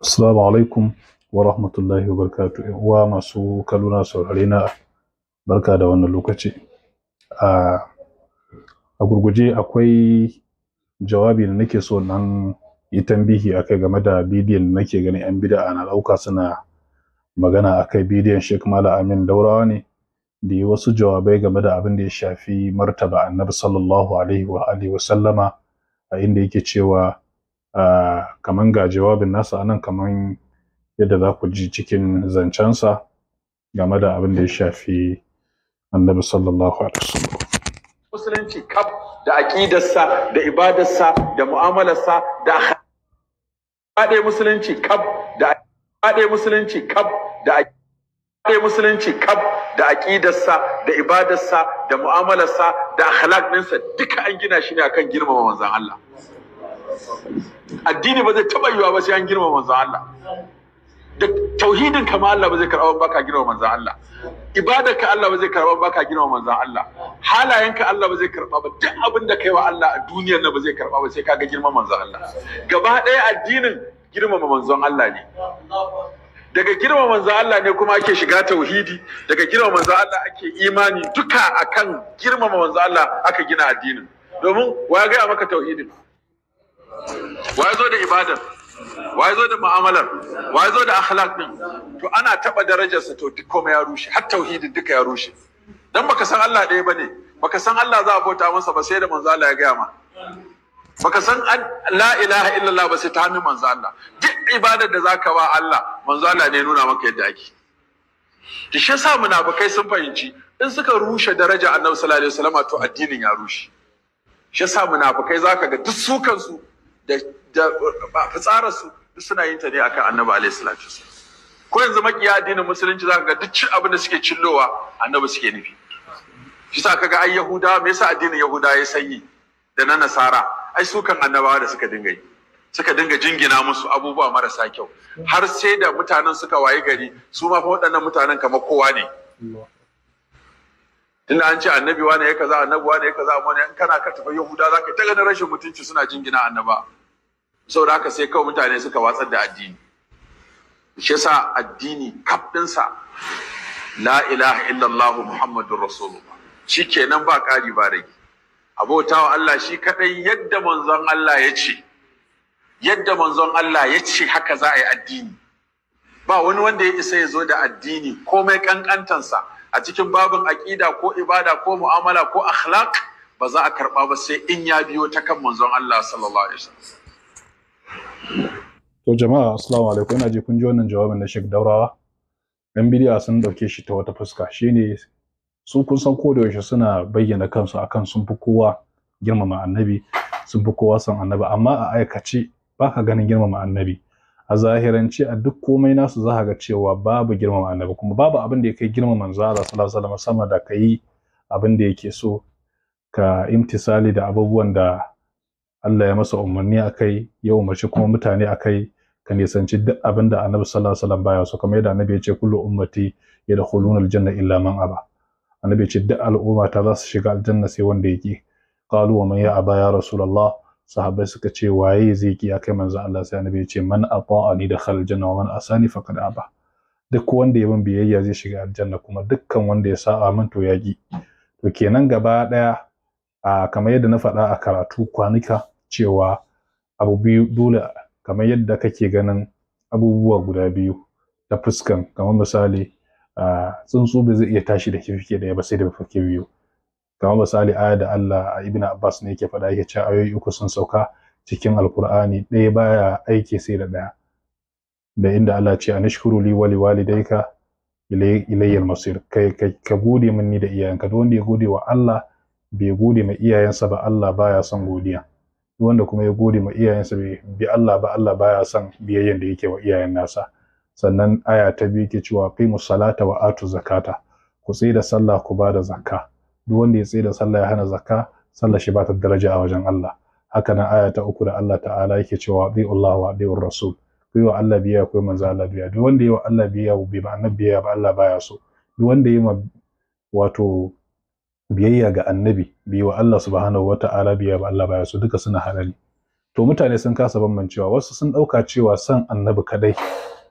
Assalamu alaikum wa rahmatullahi wa barakatu uwa masu kaluna saurare na barka da wannan lokaci. A gurguje akwai jawabi da nake so nan yi tambihi akai game da bidiyon da nake ganin 'yan bida'a na ɗauka suna magana akai bidiyon Sheikh Malam Amin Daurawa ne da yi wasu jawabai game da abin da ya shafi martaba annabi sallallahu alaihi wa alihi wa sallama a inda yake cewa kaman ga jawabin nasa anan kaman yadda za ku ji cikin zancensa game da abin da ya shafi annabi sallallahu alaihi wasallam musulunci kaf da aqidarsa da ibadarsa da mu'amalarsa da haɗe musulunci kaf da haɗe musulunci kaf da haɗe musulunci kaf da aqidarsa da ibadarsa da mu'amalarsa da akhlaq ɗinsa duka an gina shi ne akan girmama manzon Allah Thank you. addini ba zai taba yiwa ba sai an girma manzo Allah da tauhidin kama Allah ba zai karɓa ba ka girma manzo Allah ibadar ka Allah ba zai karɓa ba ka girma manzo Allah halayen ka Allah ba zai karɓa ba duk abin da kai wa Allah a duniyar nan ba zai karɓa ba sai ka ga girma manzo Allah gaba ɗaya addinin girmama manzon Allah ne daga girma manzo Allah ne kuma ake shiga tauhidi daga girma manzo Allah ake imani duka akan girmama manzo Allah aka gina addinin domin wa ya gaya maka tauhidin ya zo da ibadar ya zo da mu'amalar ya zo da akhlaq din to ana taba darajarsa to duk komai ya rushe har tauhidi duka ya rushe dan baka san Allah ɗaya bane baka san Allah za a bauta masa ba sai da manzo Allah ya gaya ma baka san la ilaha illallah ba sai ta hannun manzo Allah duk ibadar da zaka ba Allah manzo Allah ne nuna maka yadda ake to shi yasa munafikai sun fahimci in suka rushe daraja Annabi sallallahu alaihi wasallam to addinin ya rushe shi yasa munafikai zaka ga duk su kansu da fitsararsu duk suna yin ta ne akan annabi alayhi salatu ko yanzu makiya addinin musulunci zaka ga duk abin da suke cillowa annabi suke nufi shi sa kaga ai yahuda me yasa addinin yahuda ya sanyi da na nasara ai su kan annabawa da suka dinga yi suka dinga jingina musu abubuwa marasa kyau har sai da mutanen suka wayi gari su ma fa waɗannan mutanen kamar kowa ne tunda an ce annabi wane ya kaza annabi wane ya kaza amma in kana ka tafi yahuda zaka ta ganin rashin mutunci suna jingina annaba saboda haka sai kawai mutane suka watsar da addini shi yasa addini kaf la ilaha illallah muhammadur rasulullah kenan ba ƙari ba rage abotawa Allah shi kaɗai yadda manzon Allah ya ce yadda manzon Allah ya ce haka za a yi addini ba wani wanda ya isa ya zo da addini komai kankantansa a cikin babin aƙida ko ibada ko mu'amala ko akhlaq ba za a karɓa ba sai in ya biyo ta kan manzon Allah sallallahu alaihi wasallam To jama'a assalamu alaikum ina ji kun ji wannan jawabin na Sheikh Daurawa. Yan bidiya sun dauke shi ta wata fuska shine su kun san ko da yaushe suna bayyana kansu akan sun fi kowa girmama annabi sun fi kowa san annabi amma a aikace baka ganin girmama annabi a zahirance a duk komai nasu za ka ga cewa babu girmama annabi kuma babu abin da ya kai girmama manzo Allah sallallahu alaihi wasallam sama da kai abin da yake so ka imtisali da abubuwan da Allah ya masa umarni akai ya umarci kuma mutane a kai, ka nisanci duk abin da annabi sallallahu alaihi wasallam baya so kamar yadda annabi ya ce kullu ummati yadkhuluna aljanna illa man aba annabi ya ce duk al'umma ta za su shiga aljanna sai wanda ya ki qalu wa man ya aba ya rasulullah sahabbai suka ce waye zai ki akai manzo Allah sai annabi ya ce man ata'ani dakhal aljanna wa man asani faqad aba duk wanda ya bin biyayya zai shiga aljanna kuma dukkan wanda ya sa'a min to ya ki to kenan gaba daya a kamar yadda na faɗa a karatu kwanika cewa abu biyu dole kamar yadda kake ganin abubuwa guda biyu ta fuskan kamar misali tsuntsu ba zai iya tashi da kifike da ba sai da mafarki biyu kamar misali aya da Allah a Ibn Abbas ne yake faɗa yake cewa ayoyi uku sun sauka cikin Alkur'ani ɗaya baya aiki sai da ɗaya da inda Allah ce anashkuru li wa liwalidayka ilayya masir kai ka gode min ni da iyayenka duk wanda ya gode wa Allah bai gode ma iyayensa ba Allah baya son godiya wanda kuma ya gode ma iyayensa bai bi Allah ba Allah baya son biyayyen da yake wa iyayen nasa sannan aya ta biyu ke cewa qimu salata wa atu zakata ku tsaye da sallah ku ba da zakka duk wanda ya tsaye da sallah ya hana zakka sallar shi ba ta daraja a wajen Allah haka nan aya ta uku da Allah ta'ala yake cewa bi Allah wa bi rasul ku yi wa Allah biya ku yi manzo Allah biyayya duk wanda ya wa Allah biyayya bi ba annabi ba Allah baya so duk wanda ya wato biyayya ga annabi bi wa Allah subhanahu ta'ala biya ba Allah baya su duka suna halali to mutane sun kasa bambancewa wasu sun dauka cewa san annabi kadai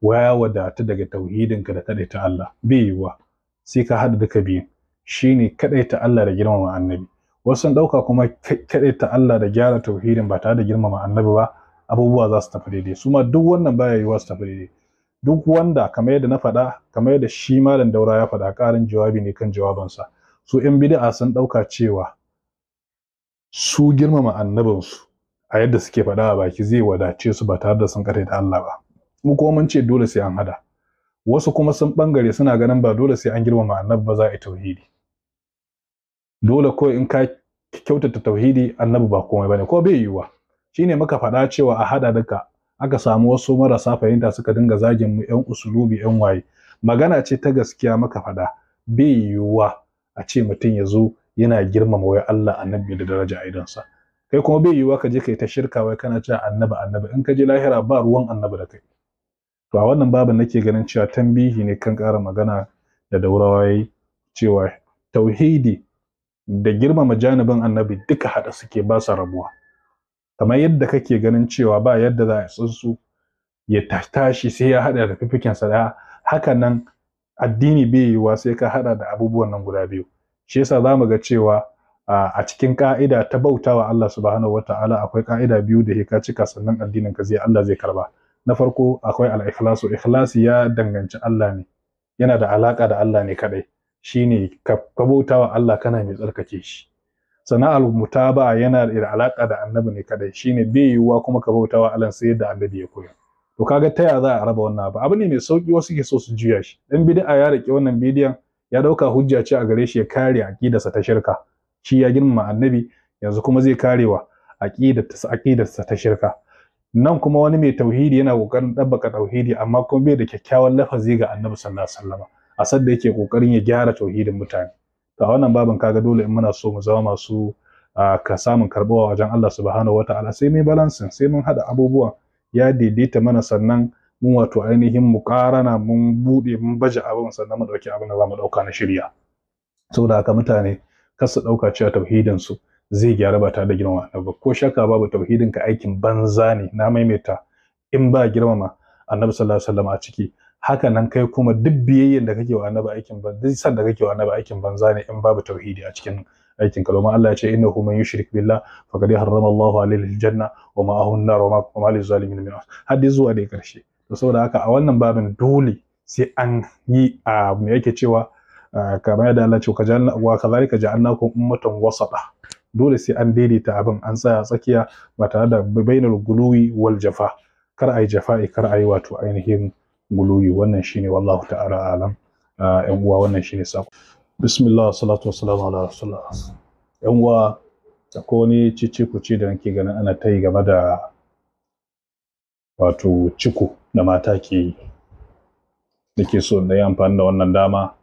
waya wadata daga tauhidin ka da ta Allah biyuwa sai ka hada duka biyu shine ta Allah da girmama annabi wasu sun dauka kuma ta Allah da gyara tauhidin ba tare da girmama annabi ba abubuwa za su tafi daidai su ma duk wannan baya yiwuwa su tafi daidai duk wanda kamar yadda na faɗa kamar yadda shi malam daura ya faɗa ƙarin jawabi ne kan jawabansa su yan bid'a sun ɗauka cewa su girmama annabinsu a yadda suke faɗa a baki zai wadace su ba tare da sun kare da Allah ba mu kuma mun ce dole sai an hada wasu kuma sun bangare suna ganin ba dole sai an girmama annabi ba za a yi tauhidi dole ko in ka kyautata tauhidi annabi ba komai bane ko bai yiwa shine muka faɗa cewa a hada duka aka samu wasu marasa fahimta suka dinga zagin mu yan usulubi yan waye magana ce ta gaskiya muka faɗa bai yiwuwa a ce mutum ya zo yana girmama wai Allah annabi da daraja a idonsa kai kuma bai yiwuwa ka je kai ta shirka wai kana cewa annabi annabi in ka je lahira ba ruwan annabi da kai to a wannan babin nake ganin cewa tambihi ne kan ƙara magana da daurawa yayi cewa tauhidi da girmama janibin annabi duka hada suke ba sa rabuwa kamar yadda kake ganin cewa ba yadda za a tsinsu ya tashi sai ya hada da fifikin sa haka nan addini bai yiwuwa sai ka hada da abubuwan nan guda biyu shi yasa zamu ga cewa a cikin ka'ida ta bautawa Allah subhanahu wataala akwai ka'ida biyu da ka cika sannan addinin ka zai Allah zai karba na farko akwai al-ikhlasu ikhlasi ya danganci Allah ne yana da alaka da Allah ne kadai shine ka bautawa Allah kana mai tsarkake shi sana'ar mutaba yana da alaka da annabi ne kadai shine bai yiwuwa kuma ka bautawa Allah sai da annabi ya koya. to kaga ta yaya za a raba wannan abu abu ne mai sauki wasu ke so su juya shi dan bid'a ya rike wannan bidiyon ya dauka hujja ce a gare shi ya kare aqidarsa ta shirka shi ya girmama annabi yanzu kuma zai karewa aqidarsa aqidarsa ta shirka nan kuma wani mai tauhidi yana kokarin dabbaka tauhidi amma kuma bai da kyakkyawan lafazi ga annabi sallallahu alaihi wasallam a sadda yake kokarin ya gyara tauhidin mutane to a wannan baban kaga dole in muna so mu zama masu ah, ka samun karbawa wajen Allah subhanahu wataala sai mun balansin sai mun hada abubuwan ya daidaita mana sannan mun wato ainihin mu karana mun bude mun baje abin sannan mu dauki abin da zamu dauka na shirya saboda haka mutane kar su dauka cewa tauhidin su zai gyara ba tare da girmama ba ko shakka babu tauhidin ka aikin banza ne na maimaita in ba girmama annabi sallallahu alaihi wasallam a ciki haka nan kai kuma duk biyayyen da kake wa annabi aikin banza duk san kake wa annabi aikin banza ne in babu tauhidi a cikin aikin ka Allah ya ce innahu man yushrik billah faqad harrama Allahu alaihi aljanna wa ma ahun nar wa ma lil zalimin min hadi zuwa da karshe to saboda haka a wannan babin dole sai an yi a me yake cewa kamar yadda Allah ce wa kadhalika ja'alnakum ummatan wasata dole sai an daidaita abin an tsaya tsakiya ba tare da bainar guluwi wal jafa kar ai jafa'i kar ai wato ainihin guluwi wannan shine wallahu ta'ala alam yan uwa wannan shine sako bismillah salatu salamu ala rasulullah yan uwa akwai wani cece ce da nake ganin ana ta yi game da wato ciko da mata ke yi da ke so da yi amfani da wannan dama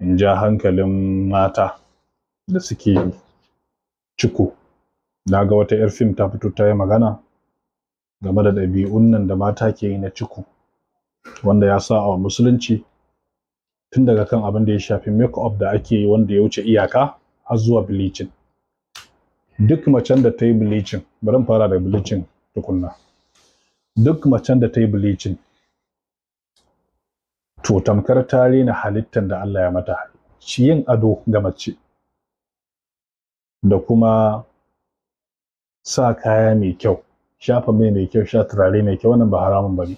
in ja hankalin mata da suke ciko na ga wata 'yar fim ta fito ta yi magana game da ɗabi'un nan da mata ke yi na ciko wanda ya sa a musulunci tun daga kan abin da ya shafi make-up da ake yi wanda ya wuce iyaka har zuwa bleaching duk macen da ta yi bleaching bari fara da bleaching tukunna duk macen da ta yi bleaching to tamkar ta rena halittar da Allah ya mata shi yin ado ga mace da kuma sa kaya mai kyau shafa mai mai kyau sha turare mai kyau wannan ba haramun ba ne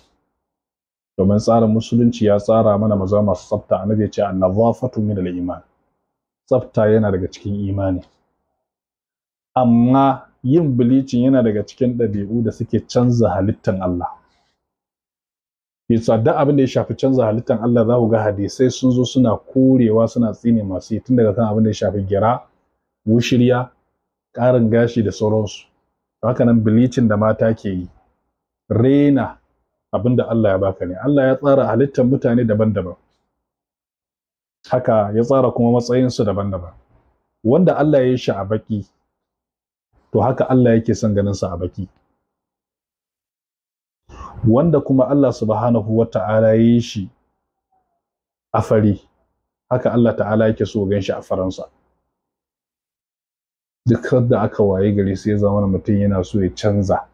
domin tsarin musulunci ya tsara mana maza masu tsafta annabi ya ce an-nazafatu min al-iman tsafta yana daga cikin imani amma yin bilicin yana daga cikin ɗabi'u da suke canza halittan Allah bisa tsada abin da ya shafi canza halittan Allah za ku ga hadisai sun zo suna korewa suna tsine masu yi tun daga kan abin da ya shafi gira wushirya ƙarin gashi da sauransu haka nan bilicin da mata ke yi rena abinda Allah ya baka ne Allah ya tsara halittar mutane daban-daban haka ya tsara kuma matsayinsu daban-daban wanda Allah ya yi shi a baki to haka Allah yake son ganin sa a baki wanda kuma Allah subhanahu wata'ala ya yi shi a fari haka Allah ta'ala yake so gan shi a faransa duk da aka waye gari sai ya zama mutum yana so ya canza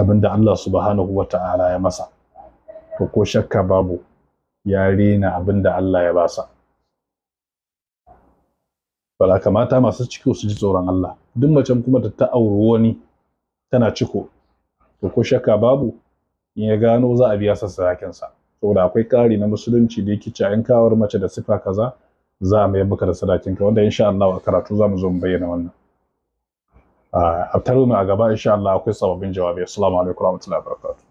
abinda Allah subhanahu wa ta'ala ya masa to ko shakka babu ya rena abinda Allah ya basa bala kamata masu ciki su ji tsoron Allah duk macen kuma ta ta'auri wani tana ciko to ko shakka babu in ya gano za a biya sa sadakinsa saboda akwai ƙari na musulunci da yake cayan kawar mace da sifa kaza za a mayar maka da sadakinka wanda insha Allah a karatu za mu zo mu bayyana wannan Ah, a taro mu a gaba insha Allah akwai sababbin jawabi assalamu alaikum warahmatullahi wabarakatuh